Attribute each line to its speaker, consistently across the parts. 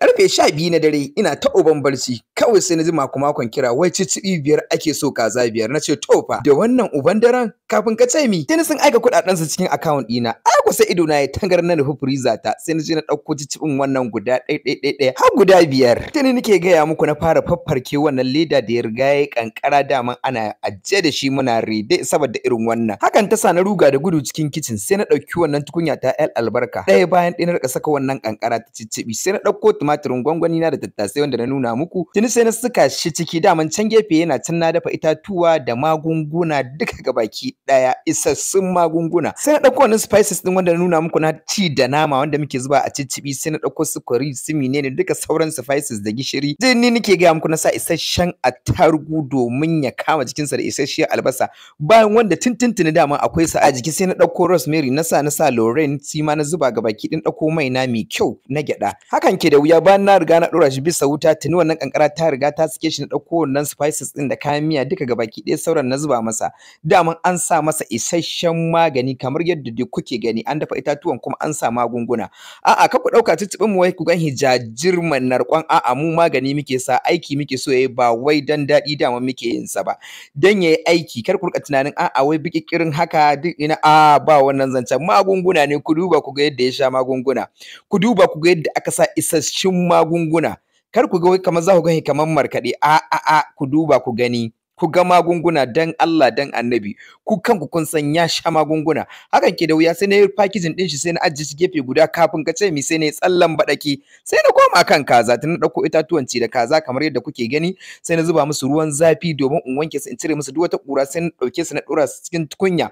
Speaker 1: Karfe sha biyu na dare ina ta uban barci kawai sai na ji mako-makon kira wai cicibi biyar ake so kaza biyar na ce to da wannan uban daren kafin ka ce mi tani sun aika kuɗaɗen su cikin account ɗina ai kusa ido na ya tangar na nufi freezer ta sai na je na ɗauko cicibin wannan guda ɗai ɗai ɗai ɗai har guda biyar tuni nake gaya muku na fara faffarke wannan leda da ya riga ya kankara daman ana ajiye da shi muna rede saboda irin wannan hakan ta sa na ruga da gudu cikin kicin sai na ɗauki wannan tukunya ta yar albarka ɗaya bayan ɗaya na saka wannan kankara ta cicibi sai na ɗauko tumatirin gwangwani na da tattasai wanda na nuna muku tuni sai na suka shi ciki daman can gefe yana can na dafa itatuwa da magunguna duka gabaki daya isassun magunguna sai na dauko wannan spices din wanda na nuna muku na ci da nama wanda muke zuba a ciccibi sai na dauko su curry su menene duka sauran spices da gishiri dai ni nake gaya muku na sa isasshen attarugu domin ya kama jikinsa da isasshiyar albasa bayan wanda da dama akwai sa a jiki sai na dauko rosemary na sa na sa lorraine shi ma na zuba gabaki din dauko mai na mai kyau na gyada hakan ke da wuya Gaba na riga na dora shi bisa wuta tuni wannan kankara ta riga ta sike shi na dauko wannan spices din da kayan miya duka ki ɗaya sauran na zuba masa daman an sa masa isasshen magani kamar yadda dai kuke gani an dafa itatuwan kuma an sa magunguna a'a ka ku dauka tuttubin mu wai ku gan hijajir narkon a'a mu magani muke sa aiki muke so yayi ba wai dan daɗi dama muke yin sa ba dan yayi aiki kar ku rika tunanin a wai bikikirin haka duk ina a ba wannan zancen magunguna ne ku duba ku ga yadda ya sha magunguna ku duba ku ga yadda aka sa isasshen cikin magunguna kar ku ga wai kamar za ku gani kamar markaɗe a a a ku duba ku gani ku ga magunguna dan Allah dan annabi ku kanku kun san ya sha magunguna hakan ke da wuya sai na yi packaging din shi sai na ajiye shi gefe guda kafin ka ce mi sai na yi tsallan baɗaki sai na koma kan kaza tun na ɗauko itatuwan ci da kaza kamar yadda kuke gani sai na zuba musu ruwan zafi domin in wanke su in cire musu duk wata ƙura sai na ɗauke su na ɗora su cikin tukunya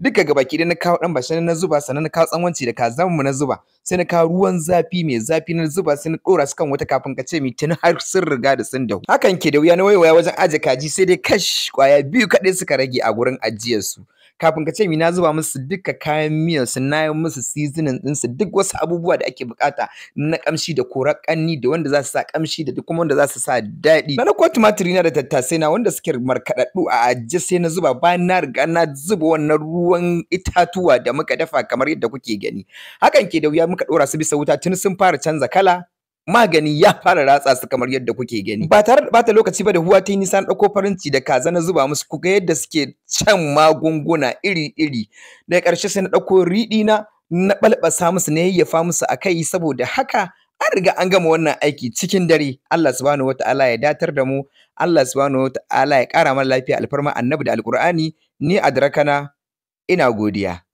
Speaker 1: duka gaba ki na kawo dan bashi na zuba sanan na kawo tsanwanci da kazan mu na zuba sai na kawo ruwan zafi mai zafi na zuba sai na dora su kan wata kafin ka ce mi tun har sun riga da sun dahu hakan ke da wuya na waiwaya wajen aje kaji sai dai kash kwaya biyu kaɗai suka rage a gurin ajiyar su kafin ka ce mi na zuba musu duka kayan miyan su na yi musu sizinin din duk wasu abubuwa da ake bukata na kamshi da korar kanni da wanda za su sa kamshi da kuma wanda za su sa daɗi na ko tumatiri na da tattasai na wanda suke markaɗaɗɗu a ajiye sai na zuba bayan na riga na zuba wannan ruwan itatuwa da muka dafa kamar yadda kuke gani hakan ke da wuya muka ɗora su bisa wuta tun sun fara canza kala magani ya fara ratsa su kamar yadda kuke gani ba tare da lokaci ba da huwa ta yi nisan ɗauko farinci da kaza na zuba musu kuka yadda suke shan magunguna iri-iri daga ƙarshe sai na ɗauko riɗi na na ɓalɓasa musu na yayyafa musu a kai saboda haka an riga an gama wannan aiki cikin dare Allah subhanahu wataala ya datar da mu Allah subhanahu wataala ya ƙara mana lafiya alfarma annabi da alƙur'ani ni adrakana ina godiya